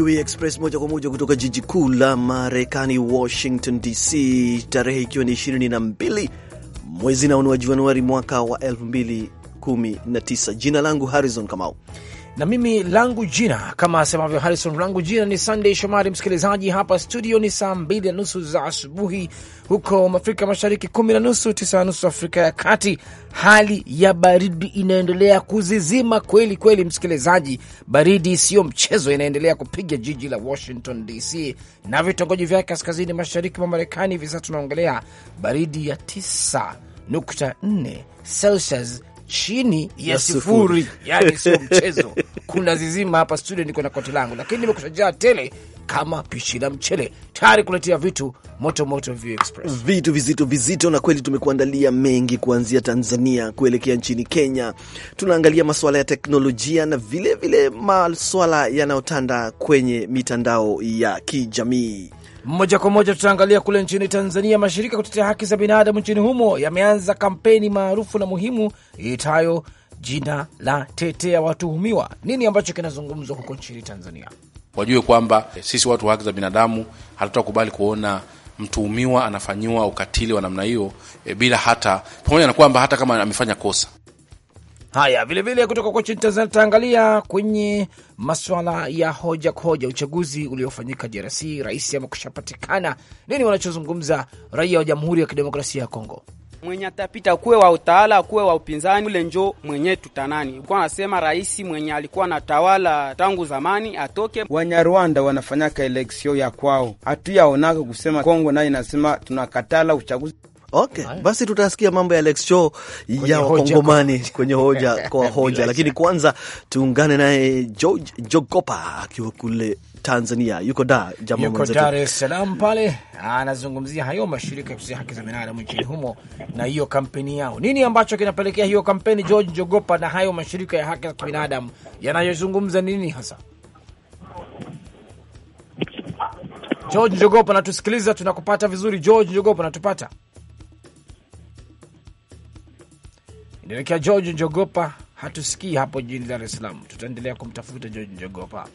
VOA Express moja kwa moja kutoka jiji kuu la Marekani, Washington DC, tarehe ikiwa ni 22 mwezi wa Januari mwaka wa 2019. Jina langu Harrison Kamau na mimi langu jina kama asemavyo Harrison, langu jina ni Sunday Shomari. Msikilizaji, hapa studio ni saa mbili na nusu za asubuhi huko Afrika Mashariki, kumi na nusu tisa na nusu Afrika ya Kati. Hali ya baridi inaendelea kuzizima kweli kweli, msikilizaji, baridi siyo mchezo, inaendelea kupiga jiji la Washington DC na vitongoji vyake kaskazini mashariki mwa Marekani. Hivi sasa tunaongelea baridi ya 9.4 Celsius chini ya sifuri, yani sio mchezo. Kuna zizima hapa studio, niko na koti langu, lakini nimekushajaa tele kama pishi la mchele tayari kuletea vitu moto moto View Express, vitu vizito vizito, na kweli tumekuandalia mengi, kuanzia Tanzania kuelekea nchini Kenya. Tunaangalia masuala ya teknolojia na vilevile maswala yanayotanda kwenye mitandao ya kijamii. Moja kwa moja tutaangalia kule nchini Tanzania. Mashirika kutetea haki za binadamu nchini humo yameanza kampeni maarufu na muhimu iitayo jina la tetea watuhumiwa. Nini ambacho kinazungumzwa huko nchini Tanzania? Wajue kwamba eh, sisi watu wa haki za binadamu hatutakubali kuona mtuhumiwa anafanyiwa ukatili wa namna hiyo, e, bila hata pamoja na kwamba hata kama amefanya kosa Haya, vilevile kutoka kwa nchini Tanzania tutaangalia kwenye maswala ya hoja kwa hoja, uchaguzi uliofanyika DRC, rais amekushapatikana. nini, wanachozungumza raia wa Jamhuri ya Kidemokrasia ya Kongo mwenye atapita kuwe wa utawala kuwe wa upinzani, ule njo mwenye tutanani kwa nasema rais mwenye alikuwa na tawala tangu zamani atoke. Wanyarwanda wanafanyaka eleksio ya kwao, hatuyaonaka kusema Kongo naye inasema tunakatala uchaguzi Okay, basi tutasikia mambo ya Alex Show ya wakongomani kwenye hoja kwa hoja, lakini kwanza tuungane naye George Jogopa akiwa kule Tanzania, yuko da jamaa yuko Dar es Salaam pale, anazungumzia hayo mashirika ya kutetea haki za binadamu nchini humo na hiyo kampeni yao. Nini ambacho kinapelekea hiyo kampeni, George Jogopa, na hayo mashirika ya haki za kibinadamu yanayozungumza nini hasa? George Jogopa, natusikiliza? Tunakupata vizuri George Jogopa, natupata? Naelekea George Njogopa, hatusikii hapo jijini Dar es Salaam. Tutaendelea kumtafuta George Njogopa.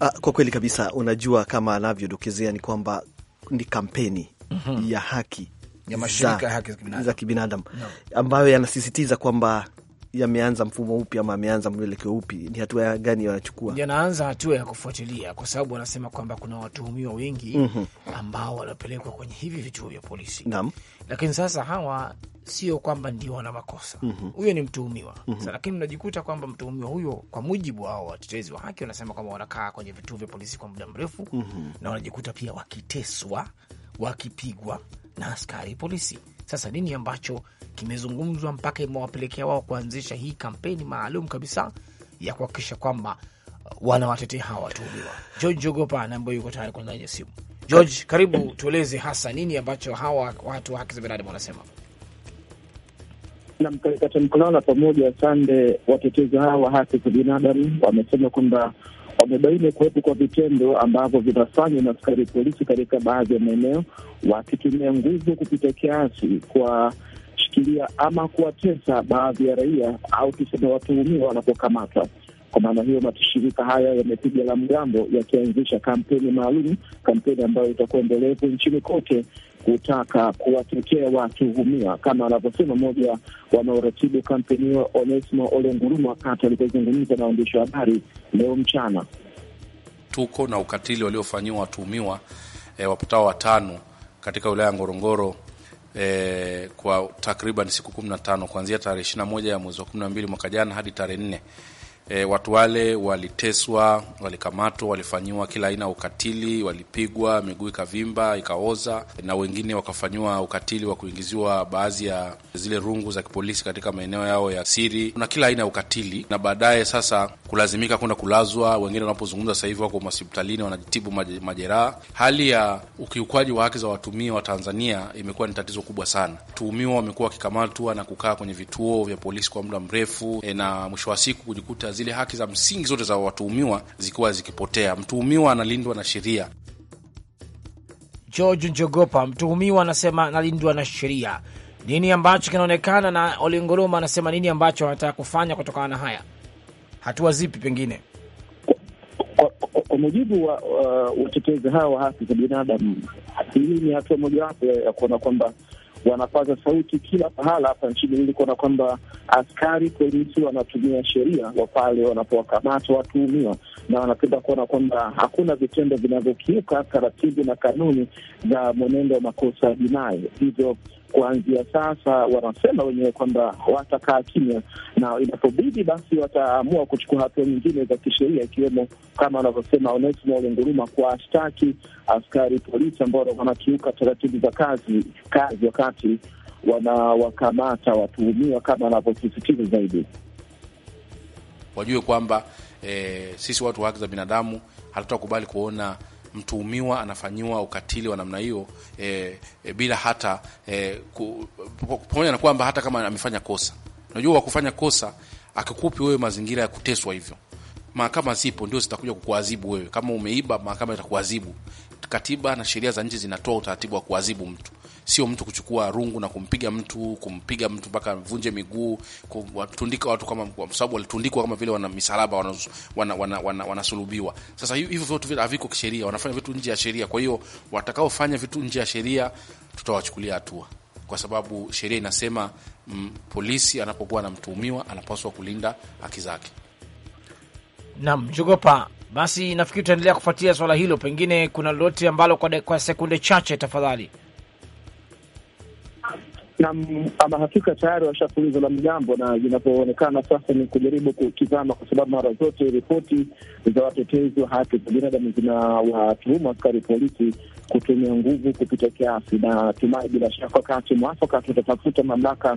Ah, kwa kweli kabisa, unajua kama anavyodokezea ni kwamba ni kampeni mm -hmm. ya haki ya mashirika ya haki za kibinadamu no. ambayo yanasisitiza kwamba yameanza mfumo upi ama ameanza mwelekeo upi, ni hatua gani wanachukua? Yanaanza hatua ya kufuatilia, kwa sababu wanasema kwamba kuna watuhumiwa wengi mm -hmm. ambao wanapelekwa kwenye hivi vituo vya polisi Naam. Lakini sasa hawa sio kwamba ndio wana makosa mhm. huyo, mm -hmm. ni mtuhumiwa mm -hmm. Lakini unajikuta kwamba mtuhumiwa huyo, kwa mujibu wa watetezi wa haki, wanasema kwamba wanakaa kwenye vituo vya polisi kwa muda mrefu mm -hmm. na wanajikuta pia wakiteswa, wakipigwa na askari polisi. Sasa nini ambacho kimezungumzwa mpaka imewapelekea wao kuanzisha hii kampeni maalum kabisa ya kuhakikisha kwamba uh, wanawatetea hawa watuhumiwa? George Jogopa ambaye yuko tayari kuangalia simu George, karibu tueleze hasa nini ambacho hawa watu wa haki za binadamu wanasema. Nam, katika tamko lao la pamoja Sande, watetezi hawa wa haki za binadamu wamesema kwamba wamebaini kuwepo kwa vitendo ambavyo vinafanywa na askari polisi katika baadhi ya maeneo, wakitumia nguvu kupita kiasi kuwashikilia ama kuwatesa baadhi ya raia au tuseme watuhumiwa wanapokamatwa. Kwa maana hiyo, mashirika haya yamepiga la mgambo yakianzisha kampeni maalum, kampeni ambayo itakuwa endelevu nchini kote kutaka kuwatetea watuhumiwa kama anavyosema mmoja wanaoratibu kampeni hiyo, Onesimo Ole Nguruma, wakati alipozungumza na waandishi wa habari leo mchana. Tuko na ukatili waliofanyiwa watuhumiwa e, wapatao watano katika wilaya ya Ngorongoro e, kwa takriban siku kumi na tano kuanzia tarehe ishirini na moja ya mwezi wa kumi na mbili mwaka jana hadi tarehe nne E, watu wale waliteswa, walikamatwa, walifanyiwa kila aina ya ukatili, walipigwa miguu ikavimba ikaoza, na wengine wakafanyiwa ukatili wa kuingiziwa baadhi ya zile rungu za kipolisi katika maeneo yao ya siri na kila aina ya ukatili, na baadaye sasa kulazimika kwenda kulazwa. Wengine wanapozungumza sasa hivi wako hospitalini wanajitibu majeraha. Hali ya ukiukwaji wa haki za watumia wa Tanzania imekuwa ni tatizo kubwa sana. Watuhumiwa wamekuwa wakikamatwa na kukaa kwenye vituo vya polisi kwa muda mrefu, e, na mwisho wa siku kujikuta zile haki za msingi zote za watuhumiwa zikiwa zikipotea. Mtuhumiwa analindwa na sheria. George Njogopa, mtuhumiwa anasema analindwa na sheria. Nini ambacho kinaonekana na olingoruma anasema nini ambacho wanataka kufanya kutokana na haya, hatua zipi pengine kwa mujibu wa watetezi hawa wa haki za binadamu? Hii ni hatua mojawapo ya kuona kwamba wanapaza sauti kila pahala hapa nchini ili kuona kwamba askari polisi wanatumia sheria wa pale wanapowakamata watuhumiwa, na wanapenda kuona kwamba hakuna vitendo vinavyokiuka taratibu na kanuni za mwenendo wa makosa jinai hivyo kuanzia sasa wanasema wenyewe kwamba watakaa kimya, na inapobidi basi wataamua kuchukua hatua nyingine za kisheria, ikiwemo kama wanavyosema Onesmo Olenguruma kuwashtaki askari polisi ambao wanakiuka taratibu za kazi kazi wakati wanawakamata watuhumiwa, kama wanavyosisitiza zaidi wajue kwamba eh, sisi watu wa haki za binadamu hatutakubali kuona mtuhumiwa anafanyiwa ukatili wa namna hiyo e, e, bila hata e, pamoja na kwamba hata kama amefanya kosa, unajua wakufanya kosa akikupi wewe mazingira ya kuteswa hivyo mahakama zipo ndio zitakuja kukuadhibu wewe. Kama umeiba, mahakama itakuadhibu. Katiba na sheria za nchi zinatoa utaratibu wa kuadhibu mtu sio mtu kuchukua rungu na kumpiga mtu kumpiga mtu mpaka vunje miguu, kutundika watu kama, kwa sababu walitundikwa kama vile wana misalaba wanasulubiwa, wana, wana, wana, wana sasa hivyo vyote vile haviko kisheria, wanafanya vitu nje ya sheria. Kwa hiyo watakaofanya vitu nje ya sheria tutawachukulia hatua, kwa sababu sheria inasema m, mm, polisi anapokuwa anamtuhumiwa anapaswa kulinda haki zake. Nam jogopa basi, nafikiri tutaendelea kufuatia swala hilo, pengine kuna lolote ambalo kwa, kwa sekunde chache tafadhali nam ama hakika tayari washapuliza la mgambo, na inavyoonekana sasa ni kujaribu kukizama, kwa sababu mara zote ripoti za watetezi wa haki za binadamu zinawatuhuma askari polisi kutumia nguvu kupita kiasi, na tumai bila shaka wakati mwafaka tutatafuta mamlaka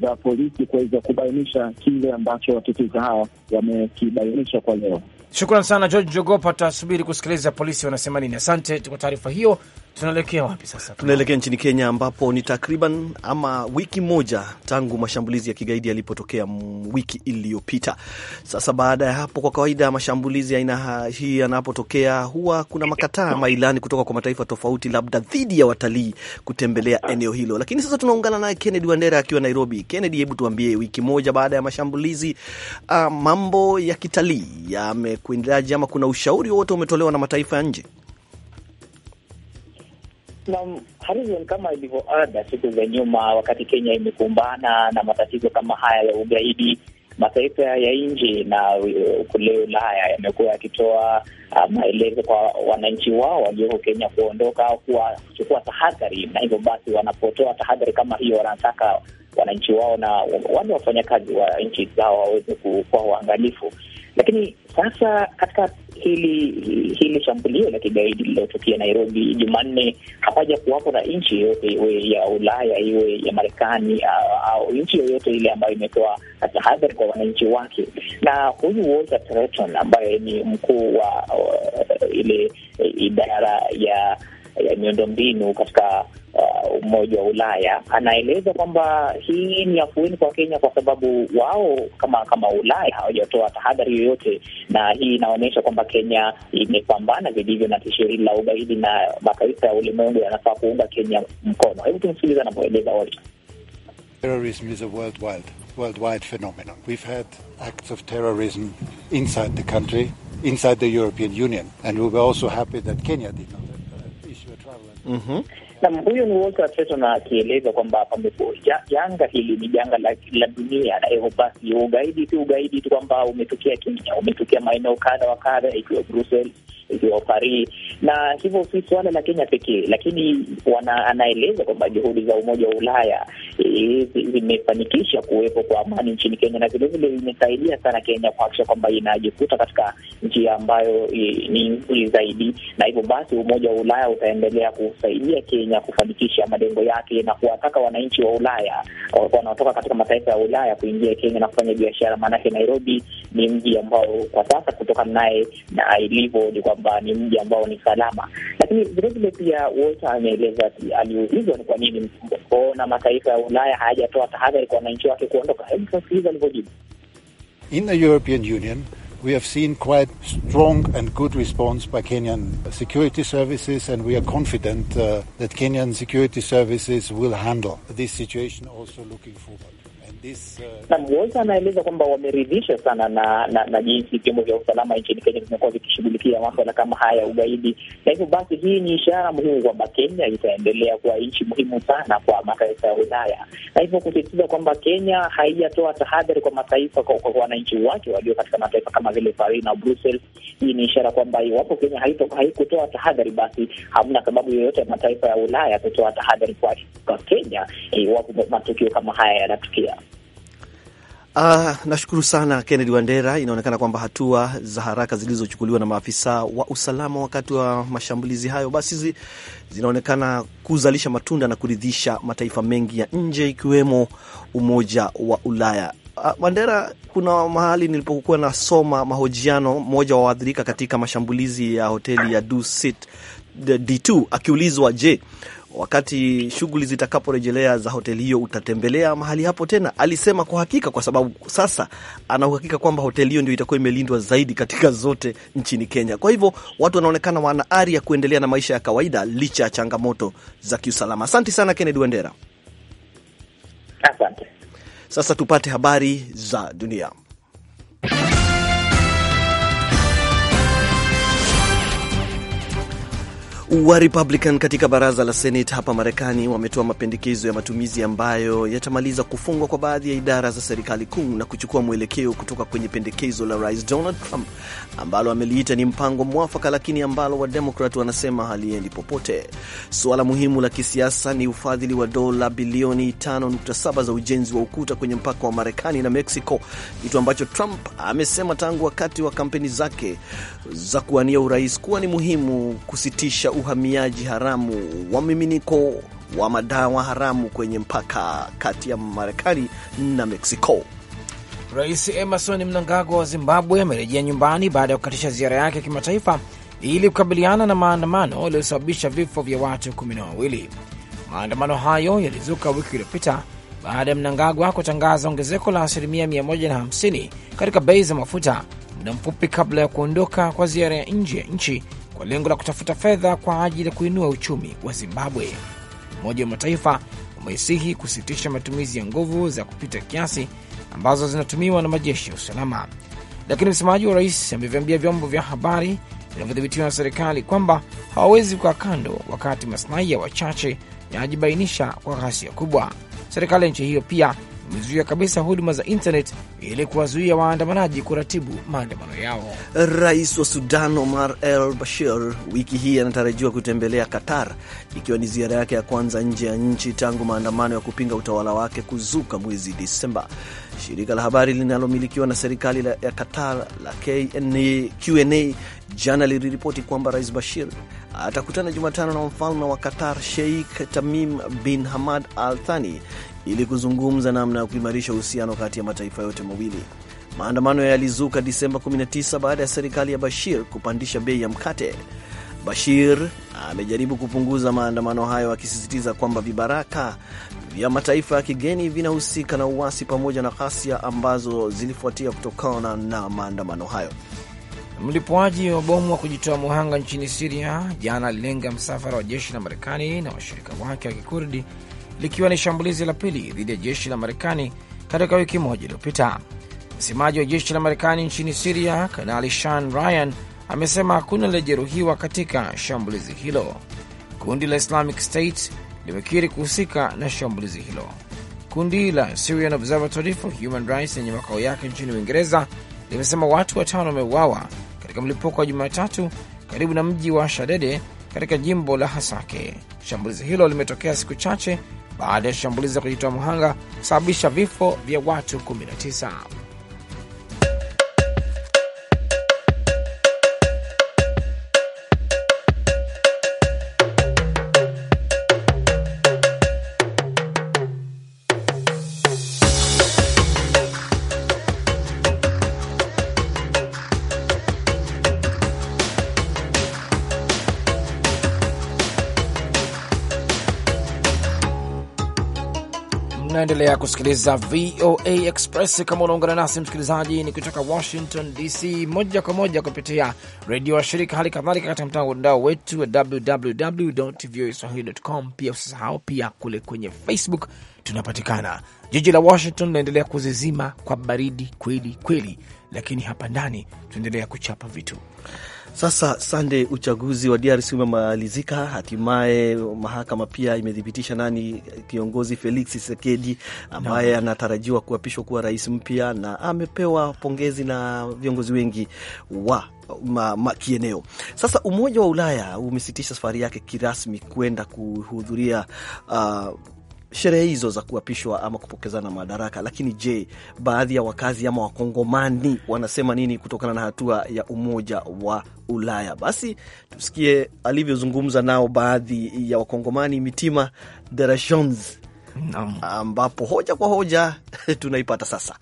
za polisi kuweza kubainisha kile ambacho watetezi hawa wamekibainisha kwa leo. Shukran sana George Jogopa, tutasubiri kusikiliza polisi wanasema nini. Asante kwa taarifa hiyo. Tunaelekea wapi sasa? Tunaelekea nchini Kenya, ambapo ni takriban ama wiki moja tangu mashambulizi ya kigaidi yalipotokea wiki iliyopita. Sasa baada ya hapo, kwa kawaida mashambulizi aina hii yanapotokea, huwa kuna makataa ama ilani kutoka kwa mataifa tofauti, labda dhidi ya watalii kutembelea eneo hilo. Lakini sasa tunaungana naye Kennedy Wandera akiwa Nairobi. Kennedy, hebu tuambie, wiki moja baada ya mashambulizi uh, mambo ya kitalii yame imekuendaje ama kuna ushauri wowote umetolewa na mataifa ya nje? Naam, Harizon, kama ilivyo ada siku za nyuma, wakati Kenya imekumbana na matatizo kama haya ya ugaidi, mataifa ya nje na uh, kule Ulaya yamekuwa yakitoa uh, maelezo kwa wananchi wao walioko Kenya kuondoka au kuwa kuchukua tahadhari, na hivyo basi wanapotoa tahadhari kama hiyo, wanataka wananchi wao na wale wafanyakazi wa nchi zao waweze kuwa waangalifu. Lakini sasa katika hili hili shambulio la kigaidi lililotokea Nairobi Jumanne, hapaja kuwapo na nchi yoyote iwe ya Ulaya iwe ya Marekani au nchi yoyote ile ambayo imetoa tahadhari kwa wananchi wake. Na huyu Walter Treton ambaye ni mkuu wa uh, ile e, idara ya, ya miundo mbinu katika Uh, Umoja wa Ulaya anaeleza kwamba hii ni afueni kwa Kenya kwa sababu wao kama kama Ulaya hawajatoa tahadhari yoyote, na hii inaonyesha kwamba Kenya imepambana vilivyo na tishio hili la ugaidi na mataifa ya ulimwengu yanafaa kuunga Kenya mkono. Hebu tumsikiliza anavyoeleza Walter. Terrorism is a worldwide, worldwide phenomenon. We've had acts of terrorism inside the country, inside the European Union, and we were also happy that Kenya did not issue a travel. Mm-hmm. Nam huyo ni Walter na akieleza kwamba janga hili ni janga la, la dunia, na hivyo basi ugaidi tu ugaidi tu kwamba umetokea Kenya, umetokea maeneo kadha wa kadha, ikiwa Brussels ziwa Paris, na hivyo si suala la Kenya pekee, lakini wana, anaeleza kwamba juhudi za Umoja wa Ulaya e, zimefanikisha kuwepo kwa amani nchini Kenya na vilevile imesaidia sana Kenya kuhakikisha kwamba inajikuta katika njia ambayo e, ni nzuri zaidi, na hivyo basi Umoja wa Ulaya utaendelea kusaidia Kenya kufanikisha malengo yake na kuwataka wananchi wa Ulaya wanaotoka katika mataifa ya Ulaya kuingia Kenya na kufanya biashara, maanake Nairobi ni mji ambao kwa sasa kutoka naye na ilivyo ni kwa kwamba ni mji ambao ni salama, lakini vilevile pia Walter ameeleza, aliulizwa ni kwa nini mataifa ya Ulaya hayajatoa tahadhari kwa wananchi wake kuondoka. Hebu alivyojibu. In the European Union we have seen quite strong and good response by Kenyan security services and we are confident uh, that Kenyan security services will handle this situation also looking forward. Uh, Wolta anaeleza kwamba wameridhisha sana na, na, na jinsi vyombo vya usalama nchini Kenya vimekuwa vikishughulikia maswala kama haya ya ugaidi, na hivyo basi hii ni ishara muhimu kwamba Kenya itaendelea kuwa nchi muhimu sana kwa mataifa ya Ulaya, na hivyo kusisitiza kwamba Kenya haijatoa tahadhari kwa mataifa, kwa wananchi wake walio katika mataifa kama vile Paris na Brussels. Hii ni ishara kwamba iwapo Kenya haikutoa tahadhari, basi hamna sababu yoyote ya mataifa ya Ulaya kutoa tahadhari kwa Kenya iwapo matukio kama haya yanatukia. Uh, nashukuru sana Kennedy Wandera. Inaonekana kwamba hatua za haraka zilizochukuliwa na maafisa wa usalama wakati wa mashambulizi hayo basi zi, zinaonekana kuzalisha matunda na kuridhisha mataifa mengi ya nje ikiwemo Umoja wa Ulaya. Uh, Wandera, kuna mahali nilipokuwa nasoma mahojiano, mmoja wa waathirika katika mashambulizi ya hoteli ya Dusit D2 akiulizwa, je, wakati shughuli zitakaporejelea za hoteli hiyo utatembelea mahali hapo tena? Alisema kwa hakika, kwa sababu sasa ana uhakika kwamba hoteli hiyo ndio itakuwa imelindwa zaidi katika zote nchini Kenya. Kwa hivyo watu wanaonekana wana ari ya kuendelea na maisha ya kawaida licha ya changamoto za kiusalama. Asante sana Kennedy Wendera. Asante. Sasa tupate habari za dunia. wa Republican katika baraza la Senate hapa Marekani wametoa mapendekezo ya matumizi ambayo yatamaliza kufungwa kwa baadhi ya idara za serikali kuu na kuchukua mwelekeo kutoka kwenye pendekezo la Rais Donald Trump ambalo ameliita ni mpango mwafaka, lakini ambalo Wademokrat wanasema haliendi popote. Suala muhimu la kisiasa ni ufadhili wa dola bilioni 5.7 za ujenzi wa ukuta kwenye mpaka wa Marekani na Mexico, kitu ambacho Trump amesema tangu wakati wa kampeni zake za kuwania urais kuwa ni muhimu kusitisha uhamiaji haramu wa miminiko wa madawa haramu kwenye mpaka kati ya Marekani na Meksiko. Rais Emerson Mnangagwa wa Zimbabwe amerejea nyumbani baada ya kukatisha ziara yake ya kimataifa ili kukabiliana na maandamano yaliyosababisha vifo vya watu kumi na wawili. Maandamano hayo yalizuka wiki iliyopita baada ya Mnangagwa kutangaza ongezeko la asilimia 150 katika bei za mafuta muda mfupi kabla ya kuondoka kwa ziara ya nje ya nchi kwa lengo la kutafuta fedha kwa ajili ya kuinua uchumi wa Zimbabwe. Umoja wa Mataifa umeisihi kusitisha matumizi ya nguvu za kupita kiasi ambazo zinatumiwa na majeshi ya usalama, lakini msemaji wa rais amevyambia vyombo vya habari vinavyodhibitiwa na serikali kwamba hawawezi kukaa kando wakati maslahi ya wachache yanajibainisha kwa ghasia kubwa. Serikali ya nchi hiyo pia imezuia kabisa huduma za intanet ili kuwazuia waandamanaji kuratibu maandamano yao. Rais wa Sudan Omar El Bashir wiki hii anatarajiwa kutembelea Qatar, ikiwa ni ziara yake ya kwanza nje ya nchi tangu maandamano ya kupinga utawala wake kuzuka mwezi Disemba. Shirika la habari linalomilikiwa na serikali la, ya Qatar la KNA, QNA jana liliripoti kwamba rais Bashir atakutana Jumatano na mfalme wa Qatar Sheikh Tamim bin Hamad Al Thani ili kuzungumza namna ya kuimarisha uhusiano kati ya mataifa yote mawili. Maandamano yalizuka Disemba 19 baada ya serikali ya Bashir kupandisha bei ya mkate. Bashir amejaribu kupunguza maandamano hayo akisisitiza kwamba vibaraka vya mataifa ya kigeni vinahusika na uasi pamoja na ghasia ambazo zilifuatia kutokana na maandamano hayo. Mlipuaji wa bomu wa kujitoa muhanga nchini Siria jana alilenga msafara wa jeshi la Marekani na washirika wake wa Kikurdi likiwa ni shambulizi la pili dhidi ya jeshi la Marekani katika wiki moja iliyopita. Msemaji wa jeshi la Marekani nchini Siria, Kanali Shan Ryan amesema hakuna aliyejeruhiwa katika shambulizi hilo. Kundi la Islamic State limekiri kuhusika na shambulizi hilo. Kundi la Syrian Observatory for Human Rights lenye makao yake nchini Uingereza limesema watu watano wameuawa katika mlipuko wa Jumatatu karibu na mji wa Shadede katika jimbo la Hasake. Shambulizi hilo limetokea siku chache baada ya shambulizi ya kujitoa mhanga kusababisha vifo vya watu 19. unaendelea kusikiliza VOA Express. Kama unaungana nasi msikilizaji, ni kutoka Washington DC, moja kwa moja kupitia redio wa shirika, hali kadhalika katika mtandao wetu wa www voa swahili.com. Pia usisahau pia kule kwenye Facebook tunapatikana. Jiji la Washington linaendelea kuzizima kwa baridi kweli kweli, lakini hapa ndani tunaendelea kuchapa vitu sasa Sande, uchaguzi wa DRC umemalizika hatimaye. Mahakama pia imethibitisha nani kiongozi Felix Tshisekedi ambaye no. anatarajiwa kuapishwa kuwa rais mpya, na amepewa pongezi na viongozi wengi wa ma, ma, kieneo. Sasa Umoja wa Ulaya umesitisha safari yake kirasmi kwenda kuhudhuria uh, sherehe hizo za kuapishwa ama kupokezana madaraka. Lakini je, baadhi ya wakazi ama wakongomani wanasema nini kutokana na hatua ya Umoja wa Ulaya? Basi tusikie alivyozungumza nao baadhi ya wakongomani Mitima Derechons, ambapo hoja kwa hoja tunaipata sasa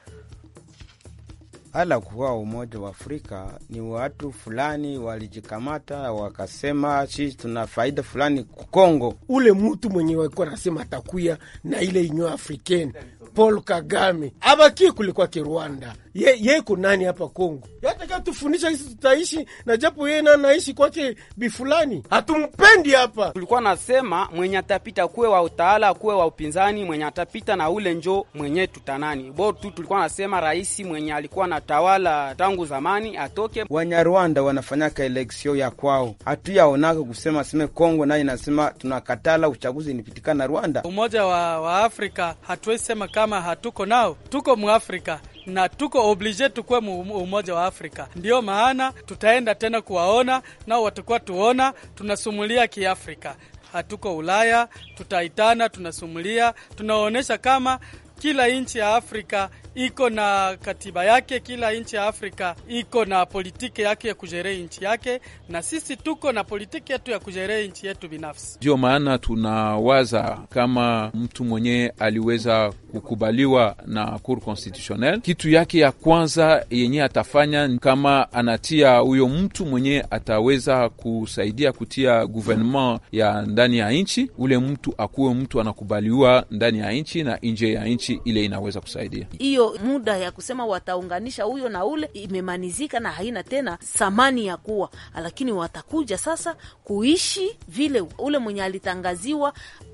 hala kuwa Umoja wa Afrika ni watu fulani walijikamata wakasema, sisi tuna faida fulani Kongo. Ule mutu mwenye walikuwa nasema atakuya na ile inyo africaine Paul Kagame abakie kulikwa ki Rwanda ye yeko nani hapa Kongo, yataka tufundisha sisi tutaishi na japo yeye na naishi kwake bifulani, hatumpendi hapa. Tulikuwa nasema mwenye atapita kuwe wa utawala kuwe wa upinzani, mwenye atapita na ule njo mwenye tutanani bo tu. Tulikuwa nasema rais mwenye alikuwa na tawala tangu zamani atoke. Wanyarwanda wanafanyaka eleksio ya kwao, hatuyaonaka kusema seme Kongo naye nasema tunakatala uchaguzi na Rwanda. Umoja wa, wa Afrika hatuwezi sema kama hatuko nao, tuko Mwafrika na tuko oblige tukuwe umoja wa Afrika. Ndiyo maana tutaenda tena kuwaona nao, watakuwa tuona tunasumulia Kiafrika, hatuko Ulaya. Tutaitana, tunasumulia, tunaonyesha kama kila nchi ya Afrika iko na katiba yake. Kila nchi ya Afrika iko na politiki yake ya kujerei nchi yake, na sisi tuko na politiki yetu ya kujerei nchi yetu binafsi. Ndiyo maana tunawaza kama mtu mwenyewe aliweza kukubaliwa na Cour Constitutionnelle, kitu yake ya kwanza yenye atafanya kama anatia huyo mtu mwenyewe ataweza kusaidia kutia gouvernement ya ndani ya nchi, ule mtu akuwe mtu anakubaliwa ndani ya nchi na nje ya nchi, ile inaweza kusaidia hiyo hiyo muda ya kusema wataunganisha huyo na ule imemanizika na haina tena thamani ya kuwa, lakini watakuja sasa kuishi vile ule mwenye alitangaziwa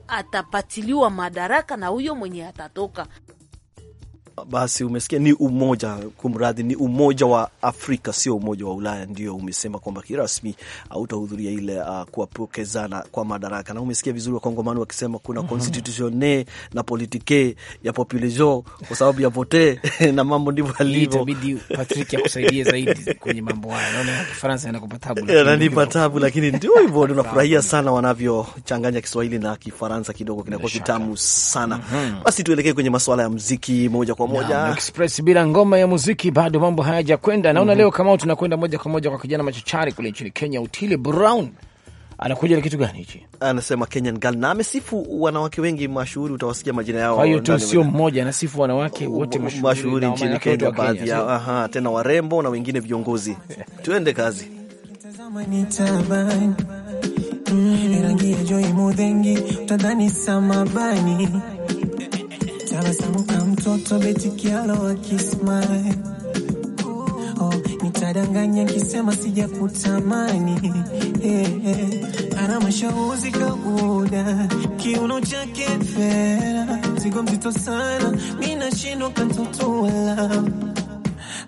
atapatiliwa madaraka na huyo mwenye atatoka. Basi umesikia, ni umoja kumradhi, ni umoja wa Afrika, sio umoja wa Ulaya, ndio umesema kwamba kirasmi hautahudhuria ile uh, kuwapokezana kwa madaraka. Na umesikia vizuri wakongomani wakisema kuna mhm. constitutionne na politique ya population kwa sababu ya vote na mambo ndivyo alivyo. Patrick akusaidie zaidi kwenye mambo haya, naona Kifaransa inakupa tabu, inanipa tabu, lakini ndio hivyo, unafurahia sana wanavyochanganya Kiswahili na Kifaransa, kidogo kinakuwa kitamu sana. Mhm. Basi tuelekee kwenye masuala ya muziki moja kwa moja na Express bila ngoma ya muziki bado mambo hayajakwenda. Naona mm -hmm. Leo kama tunakwenda moja kwa moja kwa kijana machachari kule nchini Kenya, Utile Brown anakuja na kitu gani hichi? Anasema Kenyan girl na amesifu wanawake wengi mashuhuri, utawasikia majina yao. Kwa hiyo tu sio mmoja, anasifu wanawake wote mashuhuri nchini Kenya, baadhi yao aha, tena warembo na wengine viongozi. Tuende kazi tabasamuka mtoto beti kialo akismile oh, nitadanganya kisema sijakutamani hey, hey. ana mashauzi kauda kiuno chake fera zigo mzito sana minashindwa kantotola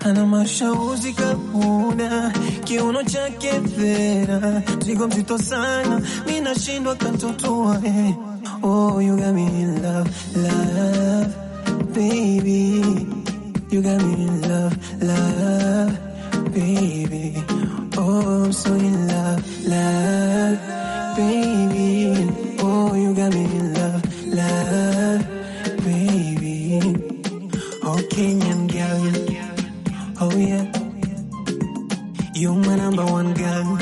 ana mashauzi kauda kiuno chake fera zigo mzito sana minashindwa kantotoa hey. Oh, you got me in love, love, baby. You got me in love, love, baby. Oh, I'm so in love, love, baby. Oh, you got me in love, love, baby. Oh, Kenyan girl. Oh, yeah. You're my number one girl.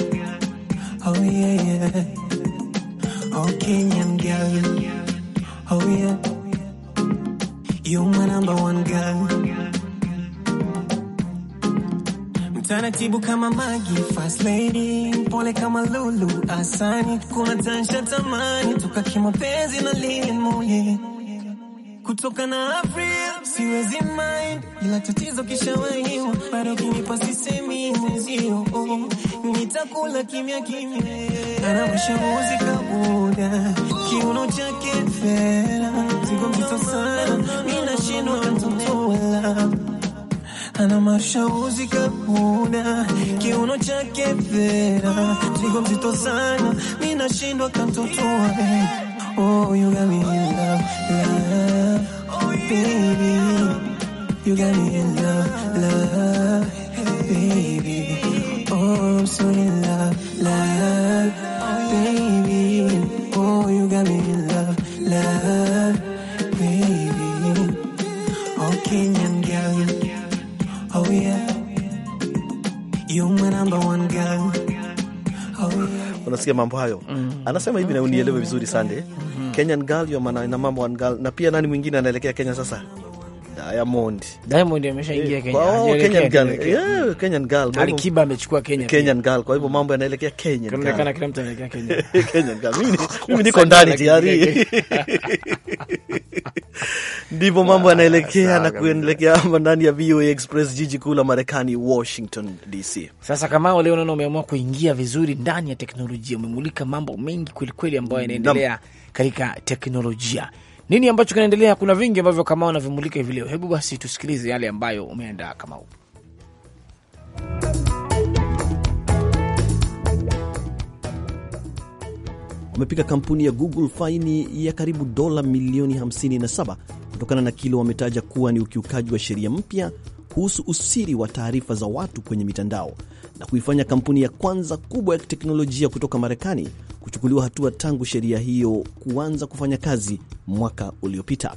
Oh, yeah, yeah. Oh, Kenyan girl. Oh, Mtaratibu kama Magi, fast lady. Mpole kama Lulu, asani. Kuna tansha tamani. Toka kimapenzi na lile muli kutoka na Afrika siwezi mind, ila tatizo kisha kishawahiwa, bado kinipa sisemi mwenzio, nitakula kimya kimya, anawisha muzika kabuda kiuno chake fera, sigo mzito sana, ninashindwa ntotola ana mashauri kabuda kiuno chake vera zigo mzito sana, minashindwa kamtotoa Oh, you got me in love, love, oh, baby. You got me in love. love. mambo hayo mm. Anasema hivi okay. Na unielewe vizuri Sande mm. Kenyan girl yo na mambo na pia nani mwingine anaelekea Kenya sasa Diamond. Diamond ameshaingia eh, Kenya. Oh, Kenyan girl. Yeah, Kenyan girl. Alikiba amechukua Kenya. Kenyan girl. Kwa hivyo mambo yanaelekea Kenya. Kunaonekana kila mtu anaelekea Kenya. Kenyan girl. Mimi mimi niko ndani tayari. Ndivyo mambo yanaelekea na kuendelekea kuendelea ndani ya VOA Express, jiji kuu la Marekani, Washington DC. Sasa kama leo naona umeamua kuingia vizuri ndani ya teknolojia, umemulika mambo mengi kwelikweli ambayo yanaendelea katika teknolojia. Nini ambacho kinaendelea? Kuna vingi ambavyo kama wanavyomulika hivi leo. Hebu basi tusikilize yale ambayo umeandaa huu Wamepiga kampuni ya Google faini ya karibu dola milioni 57 kutokana na kile wametaja kuwa ni ukiukaji wa sheria mpya kuhusu usiri wa taarifa za watu kwenye mitandao na kuifanya kampuni ya kwanza kubwa ya teknolojia kutoka Marekani kuchukuliwa hatua tangu sheria hiyo kuanza kufanya kazi mwaka uliopita.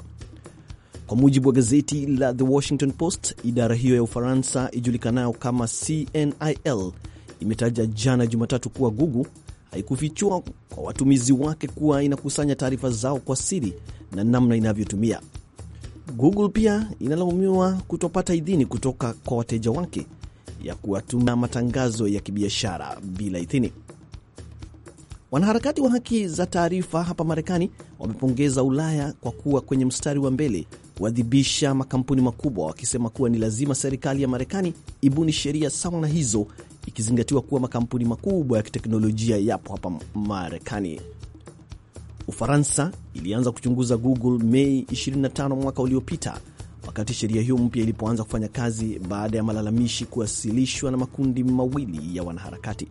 Kwa mujibu wa gazeti la The Washington Post, idara hiyo ya Ufaransa ijulikanayo kama CNIL imetaja jana Jumatatu kuwa Google haikufichua kwa watumizi wake kuwa inakusanya taarifa zao kwa siri na namna inavyotumia. Google pia inalaumiwa kutopata idhini kutoka kwa wateja wake ya kuwatuma matangazo ya kibiashara bila idhini. Wanaharakati wa haki za taarifa hapa Marekani wamepongeza Ulaya kwa kuwa kwenye mstari wa mbele kuadhibisha makampuni makubwa, wakisema kuwa ni lazima serikali ya Marekani ibuni sheria sawa na hizo, ikizingatiwa kuwa makampuni makubwa ya kiteknolojia yapo hapa Marekani. Ufaransa ilianza kuchunguza Google Mei 25 mwaka uliopita wakati sheria hiyo mpya ilipoanza kufanya kazi baada ya malalamishi kuwasilishwa na makundi mawili ya wanaharakati.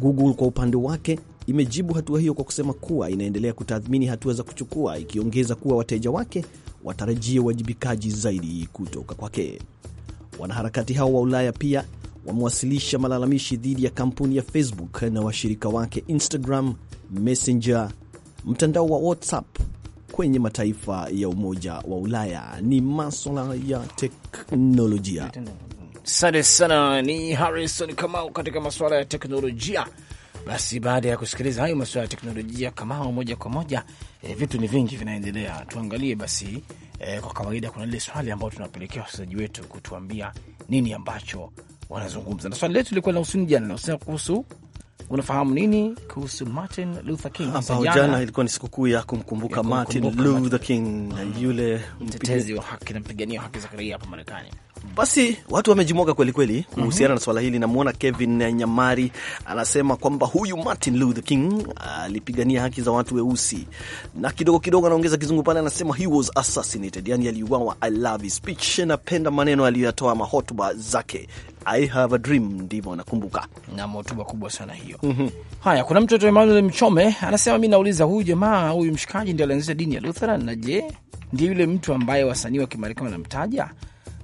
Google kwa upande wake imejibu hatua hiyo kwa kusema kuwa inaendelea kutathmini hatua za kuchukua, ikiongeza kuwa wateja wake watarajia uwajibikaji zaidi kutoka kwake. Wanaharakati hao wa Ulaya pia wamewasilisha malalamishi dhidi ya kampuni ya Facebook na washirika wake Instagram, Messenger, mtandao wa WhatsApp kwenye mataifa ya Umoja wa Ulaya ni maswala ya teknolojia. Asante sana, ni Harrison Kamau katika masuala ya teknolojia. Basi baada ya kusikiliza hayo masuala ya teknolojia, Kamau, moja kwa moja e, vitu ni vingi vinaendelea. Tuangalie basi e, kwa kawaida kuna lile swali ambayo tunawapelekea wachezaji wetu kutuambia nini ambacho wanazungumza, na swali letu lilikuwa linahusu jana, linasema kuhusu unafahamu nini kuhusu Martin Luther King? jana ilikuwa ni sikukuu ya kumkumbuka Martin Luther King, yule mtetezi wa haki na mpigania haki za kiraia hapa Marekani. Basi watu wamejimwaga kweli kweli kuhusiana mm -hmm. na swala hili. Namwona Kevin Nyamari anasema kwamba huyu Martin Luther King alipigania haki za watu weusi, na kidogo kidogo anaongeza kizungu pale, anasema he was assassinated, yani aliuawa. I love his speech, napenda maneno aliyoyatoa, mahotuba zake I have a dream, ndivyo nakumbuka, na hotuba kubwa sana hiyo. mm -hmm. Haya, kuna mtoto Emmanuel Mchome anasema, mi nauliza huyu jamaa huyu mshikaji ndio alianzisha dini ya Lutheran, na je, ndio yule mtu ambaye wasanii wa Kimarekani wanamtaja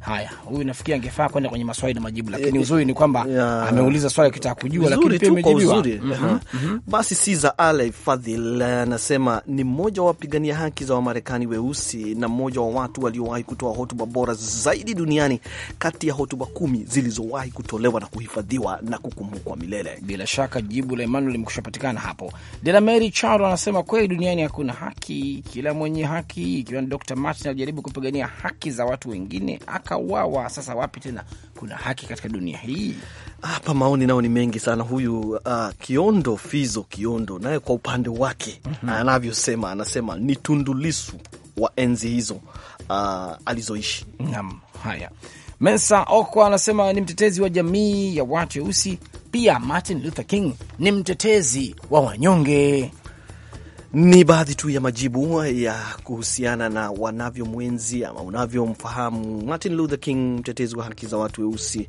haya, huyu nafikiri angefaa kwenda kwenye maswali na majibu, lakini eh, uzuri ni kwamba yeah, ameuliza swali akitaka kujua, lakini pia imejibiwa. mm -hmm. mm -hmm. Basi Siza Ale Fadhil eh, anasema ni mmoja wa wapigania haki za Wamarekani weusi na mmoja wa watu waliowahi kutoa hotuba bora zaidi duniani kati ya hotuba kumi zilizowahi kutolewa na kuhifadhiwa na kukumbukwa milele. Bila shaka jibu la Emmanuel limekushapatikana hapo. Dela Mary Charo anasema kweli duniani hakuna haki, kila mwenye haki, ikiwa Dr. Martin alijaribu kupigania haki za watu wengine aka wakauawa. Sasa wapi tena kuna haki katika dunia hii? Hapa maoni nao ni mengi sana. Huyu uh, Kiondo Fizo Kiondo naye kwa upande wake mm -hmm. anavyosema, anasema ni Tundulisu wa enzi hizo uh, alizoishi. Naam, haya Mensa Okwa anasema ni mtetezi wa jamii ya watu weusi. Pia Martin Luther King ni mtetezi wa wanyonge. Ni baadhi tu ya majibu ya kuhusiana na wanavyomwenzi ama unavyomfahamu Martin Luther King, mtetezi wa haki za watu weusi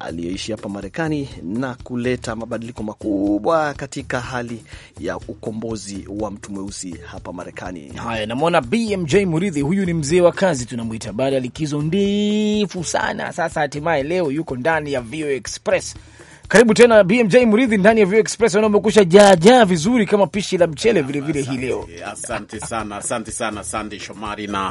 aliyeishi hapa Marekani na kuleta mabadiliko makubwa katika hali ya ukombozi wa mtu mweusi hapa Marekani. Haya, namwona BMJ Muridhi, huyu ni mzee wa kazi tunamwita, baada ya likizo ndefu sana. Sasa hatimaye leo yuko ndani ya VOA Express karibu tena BMJ Murithi ndani ya View Express, wanaomekusha jaajaa vizuri kama pishi la mchele vilevile hii leo. Asante sana, asante sana Sandi Shomari na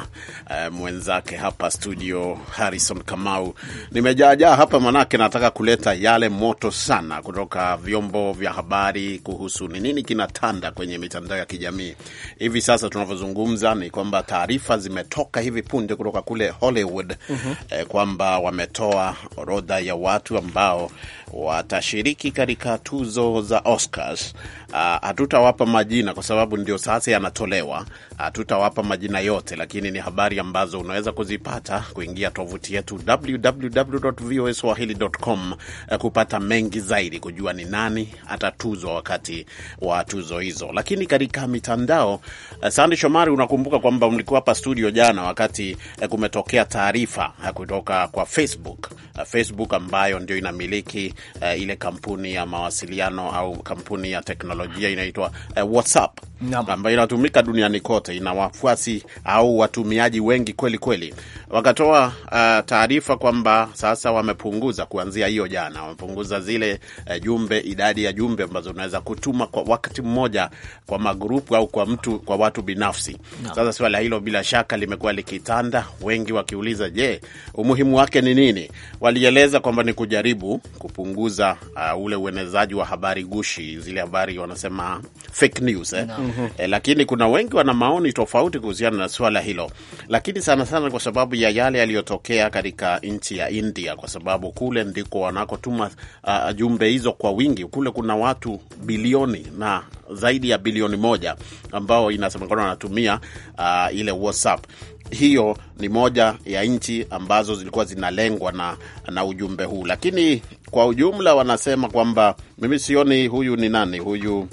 uh, mwenzake hapa studio Harrison Kamau. Nimejaajaa hapa manake nataka kuleta yale moto sana kutoka vyombo vya habari kuhusu ni nini kinatanda kwenye mitandao ya kijamii hivi sasa. Tunavyozungumza ni kwamba taarifa zimetoka hivi punde kutoka kule Hollywood mm -hmm. eh, kwamba wametoa orodha ya watu ambao wat atashiriki katika tuzo za Oscars Ah, hatutawapa majina kwa sababu ndio sasa yanatolewa. Hatutawapa majina yote, lakini ni habari ambazo unaweza kuzipata kuingia tovuti yetu www.voaswahili.com eh, kupata mengi zaidi, kujua ni nani atatuzwa wakati wa tuzo hizo. Lakini katika mitandao, eh, Sandi Shomari, unakumbuka kwamba mlikuwa hapa studio jana wakati eh, kumetokea taarifa kutoka kwa Facebook, Facebook ambayo ndio inamiliki ile kampuni ya mawasiliano au kampuni ya teknolojia teknolojia inaitwa uh, WhatsApp ambayo inatumika duniani kote, ina wafuasi au watumiaji wengi kweli kweli. Wakatoa uh, taarifa kwamba sasa wamepunguza, kuanzia hiyo jana wamepunguza zile uh, jumbe, idadi ya jumbe ambazo unaweza kutuma kwa wakati mmoja kwa magrupu au kwa mtu, kwa watu binafsi no. Sasa swala hilo bila shaka limekuwa likitanda, wengi wakiuliza, je, umuhimu wake ni nini? Walieleza kwamba ni kujaribu kupunguza uh, ule uenezaji wa habari gushi, zile habari wanasema fake news eh? No. Mm-hmm. Eh, lakini kuna wengi wana maoni tofauti kuhusiana na suala hilo, lakini sana sana kwa sababu ya yale yaliyotokea katika nchi ya India, kwa sababu kule ndiko wanakotuma uh, jumbe hizo kwa wingi. Kule kuna watu bilioni na zaidi ya bilioni moja ambao inasemekana wanatumia uh, ile WhatsApp hiyo ni moja ya nchi ambazo zilikuwa zinalengwa na, na ujumbe huu, lakini kwa ujumla wanasema kwamba mimi sioni huyu ni nani huyu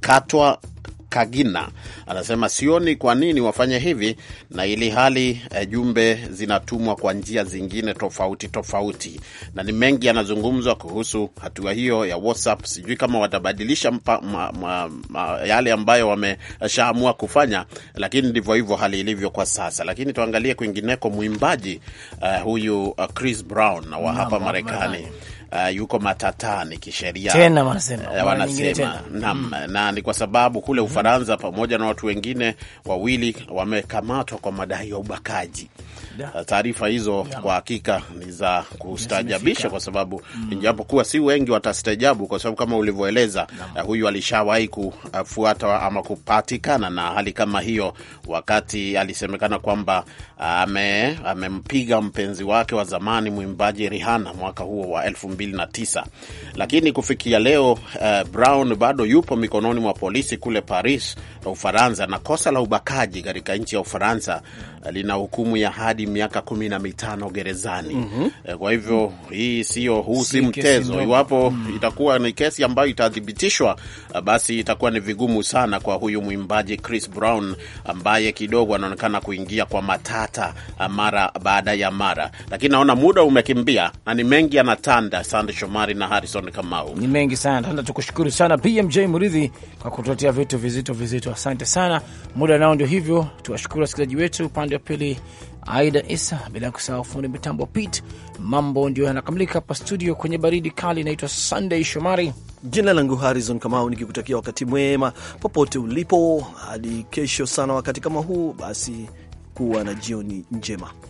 Katwa Kagina anasema sioni kwa nini wafanye hivi, na ili hali eh, jumbe zinatumwa kwa njia zingine tofauti tofauti, na ni mengi yanazungumzwa kuhusu hatua hiyo ya WhatsApp. Sijui kama watabadilisha mpa, ma, ma, ma, yale ambayo wameshaamua kufanya, lakini ndivyo hivyo hali ilivyo kwa sasa. Lakini tuangalie kwingineko, mwimbaji uh, huyu uh, Chris Brown wa hapa Marekani uh, yuko matatani kisheria tena, wanasema eh, wanasema mm. na ni kwa sababu kule Ufaransa pamoja na watu wengine wawili wamekamatwa kwa madai ya ubakaji. Uh, taarifa hizo yeah, kwa hakika ni za kustajabisha kwa sababu mm, japokuwa si wengi watastajabu kwa sababu kama ulivyoeleza yeah, uh, huyu alishawahi kufuata ama kupatikana na hali kama hiyo, wakati alisemekana kwamba amempiga ame mpenzi wake wa zamani mwimbaji Rihanna mwaka huo wa 2009 lakini kufikia leo uh, Brown bado yupo mikononi mwa polisi kule Paris, Ufaransa na kosa la ubakaji katika nchi ya Ufaransa lina hukumu ya hadi miaka kumi na mitano gerezani. mm -hmm. Kwa hivyo hii sio, huu si mchezo. Iwapo mm. itakuwa ni kesi ambayo itathibitishwa, eh, basi itakuwa ni vigumu sana kwa huyu mwimbaji Chris Brown ambaye kidogo anaonekana kuingia kwa matata eh, mara baada ya mara, lakini naona muda umekimbia na ni mengi yanatanda. Sande Shomari na Harrison Kamau, ni mengi sana tanda. Tukushukuru sana BMJ Mridhi kwa kutuletea vitu vizito vizito, asante sana. Muda nao ndio hivyo, tuwashukuru wasikilizaji wetu upande upande wa pili Aida Isa, bila kusahau fundi mitambo Pete. Mambo ndio yanakamilika hapa studio kwenye baridi kali. Inaitwa Sunday Shomari, jina langu Harrison Kamau, nikikutakia wakati mwema popote ulipo. Hadi kesho sana wakati kama huu, basi kuwa na jioni njema.